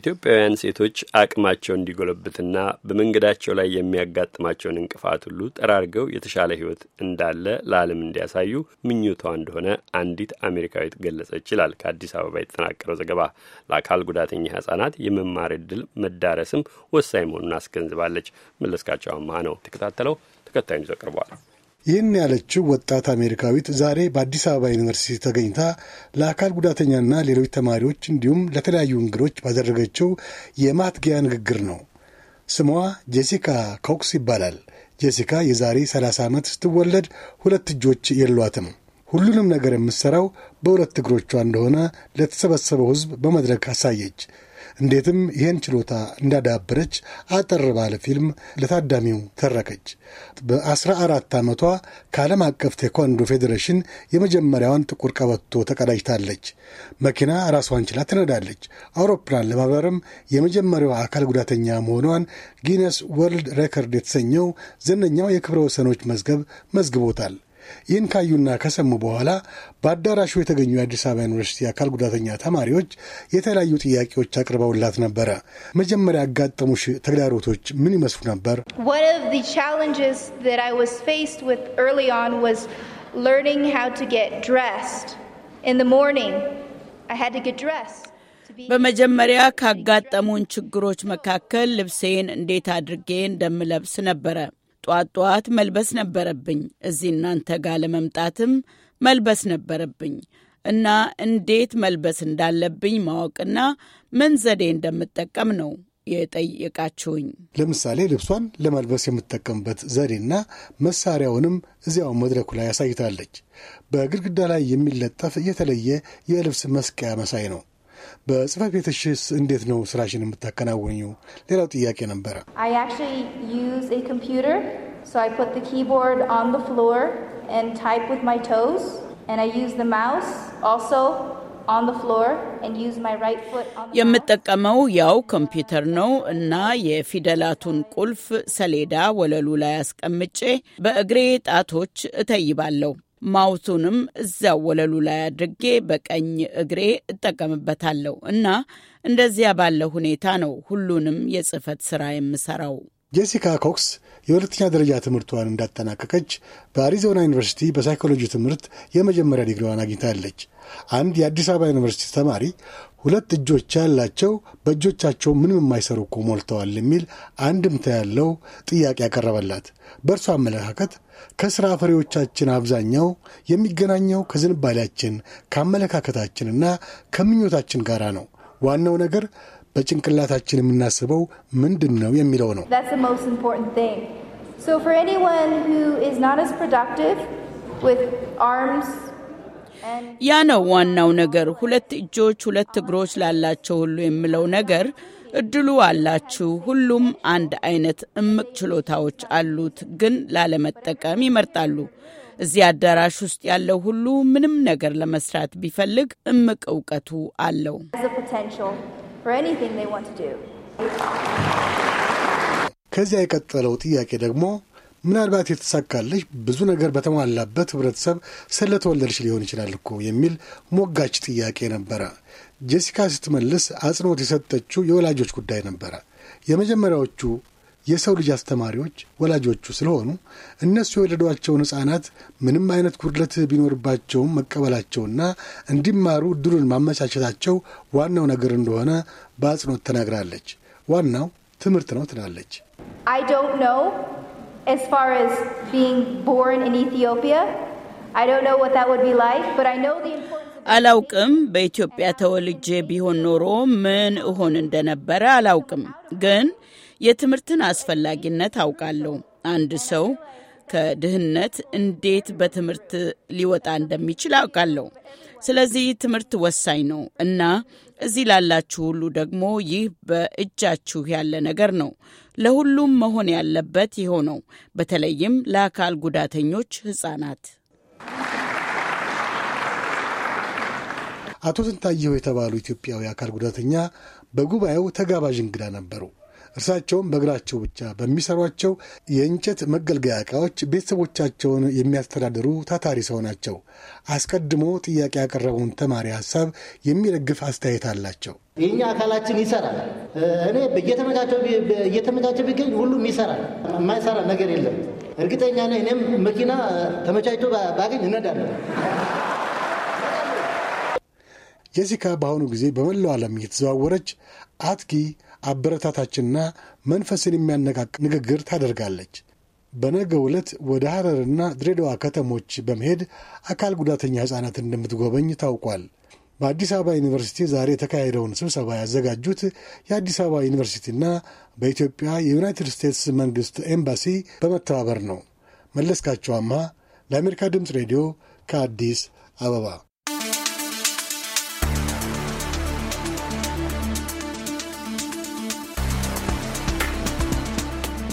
ኢትዮጵያውያን ሴቶች አቅማቸው እንዲጎለብትና በመንገዳቸው ላይ የሚያጋጥማቸውን እንቅፋት ሁሉ ጠራርገው የተሻለ ሕይወት እንዳለ ለዓለም እንዲያሳዩ ምኞቷ እንደሆነ አንዲት አሜሪካዊት ገለጸች ይላል ከአዲስ አበባ የተጠናቀረው ዘገባ። ለአካል ጉዳተኛ ሕጻናት የመማር እድል መዳረስም ወሳኝ መሆኑን አስገንዝባለች። መለስካቸው አማሃ ነው ተከታተለው ተከታዩን ይዞ ቀርቧል። ይህን ያለችው ወጣት አሜሪካዊት ዛሬ በአዲስ አበባ ዩኒቨርሲቲ ተገኝታ ለአካል ጉዳተኛና ሌሎች ተማሪዎች እንዲሁም ለተለያዩ እንግዶች ባደረገችው የማትጊያ ንግግር ነው። ስሟ ጄሲካ ኮክስ ይባላል። ጄሲካ የዛሬ 30 ዓመት ስትወለድ ሁለት እጆች የሏትም። ሁሉንም ነገር የምትሠራው በሁለት እግሮቿ እንደሆነ ለተሰበሰበው ሕዝብ በመድረክ አሳየች። እንዴትም ይህን ችሎታ እንዳዳበረች አጠር ባለ ፊልም ለታዳሚው ተረከች። በአስራ አራት ዓመቷ ከዓለም አቀፍ ቴኳንዶ ፌዴሬሽን የመጀመሪያዋን ጥቁር ቀበቶ ተቀዳጅታለች። መኪና ራሷን ችላ ትነዳለች። አውሮፕላን ለማብረርም የመጀመሪያው አካል ጉዳተኛ መሆኗን ጊነስ ወርልድ ሬከርድ የተሰኘው ዝነኛው የክብረ ወሰኖች መዝገብ መዝግቦታል። ይህን ካዩና ከሰሙ በኋላ በአዳራሹ የተገኙ የአዲስ አበባ ዩኒቨርሲቲ አካል ጉዳተኛ ተማሪዎች የተለያዩ ጥያቄዎች አቅርበውላት ነበረ። መጀመሪያ ያጋጠሙሽ ተግዳሮቶች ምን ይመስሉ ነበር? በመጀመሪያ ካጋጠሙን ችግሮች መካከል ልብሴን እንዴት አድርጌ እንደምለብስ ነበረ። ጧት ጧት መልበስ ነበረብኝ። እዚህ እናንተ ጋር ለመምጣትም መልበስ ነበረብኝ እና እንዴት መልበስ እንዳለብኝ ማወቅና ምን ዘዴ እንደምጠቀም ነው የጠየቃችሁኝ። ለምሳሌ ልብሷን ለመልበስ የምትጠቀምበት ዘዴና መሳሪያውንም እዚያው መድረኩ ላይ ያሳይታለች። በግድግዳ ላይ የሚለጠፍ የተለየ የልብስ መስቀያ መሳይ ነው። በጽህፈት ቤትሽስ እንዴት ነው ስራሽን የምታከናውኘው? ሌላው ጥያቄ ነበረ። የምጠቀመው ያው ኮምፒውተር ነው እና የፊደላቱን ቁልፍ ሰሌዳ ወለሉ ላይ አስቀምጬ በእግሬ ጣቶች እተይባለሁ። ማውሱንም እዚያ ወለሉ ላይ አድርጌ በቀኝ እግሬ እጠቀምበታለሁ እና እንደዚያ ባለ ሁኔታ ነው ሁሉንም የጽህፈት ስራ የምሰራው። ጄሲካ ኮክስ የሁለተኛ ደረጃ ትምህርቷን እንዳጠናቀቀች በአሪዞና ዩኒቨርሲቲ በሳይኮሎጂ ትምህርት የመጀመሪያ ዲግሪዋን አግኝታለች። አንድ የአዲስ አበባ ዩኒቨርሲቲ ተማሪ ሁለት እጆች ያላቸው በእጆቻቸው ምንም የማይሰሩ እኮ ሞልተዋል የሚል አንድምታ ያለው ጥያቄ ያቀረበላት። በእርሷ አመለካከት ከስራ ፍሬዎቻችን አብዛኛው የሚገናኘው ከዝንባሌያችን ከአመለካከታችንና ከምኞታችን ጋር ነው። ዋናው ነገር በጭንቅላታችን የምናስበው ምንድን ነው የሚለው ነው። ያ ነው ዋናው ነገር። ሁለት እጆች፣ ሁለት እግሮች ላላቸው ሁሉ የምለው ነገር እድሉ አላችሁ። ሁሉም አንድ አይነት እምቅ ችሎታዎች አሉት፣ ግን ላለመጠቀም ይመርጣሉ። እዚህ አዳራሽ ውስጥ ያለው ሁሉ ምንም ነገር ለመስራት ቢፈልግ እምቅ እውቀቱ አለው። for anything they want to do. ከዚያ የቀጠለው ጥያቄ ደግሞ ምናልባት የተሳካልሽ ብዙ ነገር በተሟላበት ህብረተሰብ ስለተወለድሽ ሊሆን ይችላል እኮ የሚል ሞጋች ጥያቄ ነበረ። ጄሲካ ስትመልስ አጽንኦት የሰጠችው የወላጆች ጉዳይ ነበረ። የመጀመሪያዎቹ የሰው ልጅ አስተማሪዎች ወላጆቹ ስለሆኑ እነሱ የወለዷቸውን ሕፃናት ምንም አይነት ጉድለት ቢኖርባቸውም መቀበላቸውና እንዲማሩ እድሉን ማመቻቸታቸው ዋናው ነገር እንደሆነ በአጽንኦት ተናግራለች። ዋናው ትምህርት ነው ትላለች። አላውቅም። በኢትዮጵያ ተወልጄ ቢሆን ኖሮ ምን እሆን እንደነበረ አላውቅም ግን የትምህርትን አስፈላጊነት አውቃለሁ። አንድ ሰው ከድህነት እንዴት በትምህርት ሊወጣ እንደሚችል አውቃለሁ። ስለዚህ ትምህርት ወሳኝ ነው እና እዚህ ላላችሁ ሁሉ ደግሞ ይህ በእጃችሁ ያለ ነገር ነው። ለሁሉም መሆን ያለበት የሆነው በተለይም ለአካል ጉዳተኞች ህጻናት። አቶ ስንታየሁ የተባሉ ኢትዮጵያዊ አካል ጉዳተኛ በጉባኤው ተጋባዥ እንግዳ ነበሩ። እርሳቸውም በእግራቸው ብቻ በሚሰሯቸው የእንጨት መገልገያ ዕቃዎች ቤተሰቦቻቸውን የሚያስተዳድሩ ታታሪ ሰው ናቸው። አስቀድሞ ጥያቄ ያቀረበውን ተማሪ ሀሳብ የሚደግፍ አስተያየት አላቸው። የእኛ አካላችን ይሰራል። እኔ እየተመቻቸ ቢገኝ ሁሉም ይሰራል። የማይሰራ ነገር የለም። እርግጠኛ ነኝ። እኔም መኪና ተመቻችቶ ባገኝ እነዳለሁ። ጄሲካ በአሁኑ ጊዜ በመላው ዓለም እየተዘዋወረች አትኪ አበረታታችና መንፈስን የሚያነቃቅ ንግግር ታደርጋለች። በነገ ዕለት ወደ ሐረርና ድሬዳዋ ከተሞች በመሄድ አካል ጉዳተኛ ሕፃናት እንደምትጎበኝ ታውቋል። በአዲስ አበባ ዩኒቨርሲቲ ዛሬ የተካሄደውን ስብሰባ ያዘጋጁት የአዲስ አበባ ዩኒቨርሲቲና በኢትዮጵያ የዩናይትድ ስቴትስ መንግሥት ኤምባሲ በመተባበር ነው። መለስካቸው አምሃ ለአሜሪካ ድምፅ ሬዲዮ ከአዲስ አበባ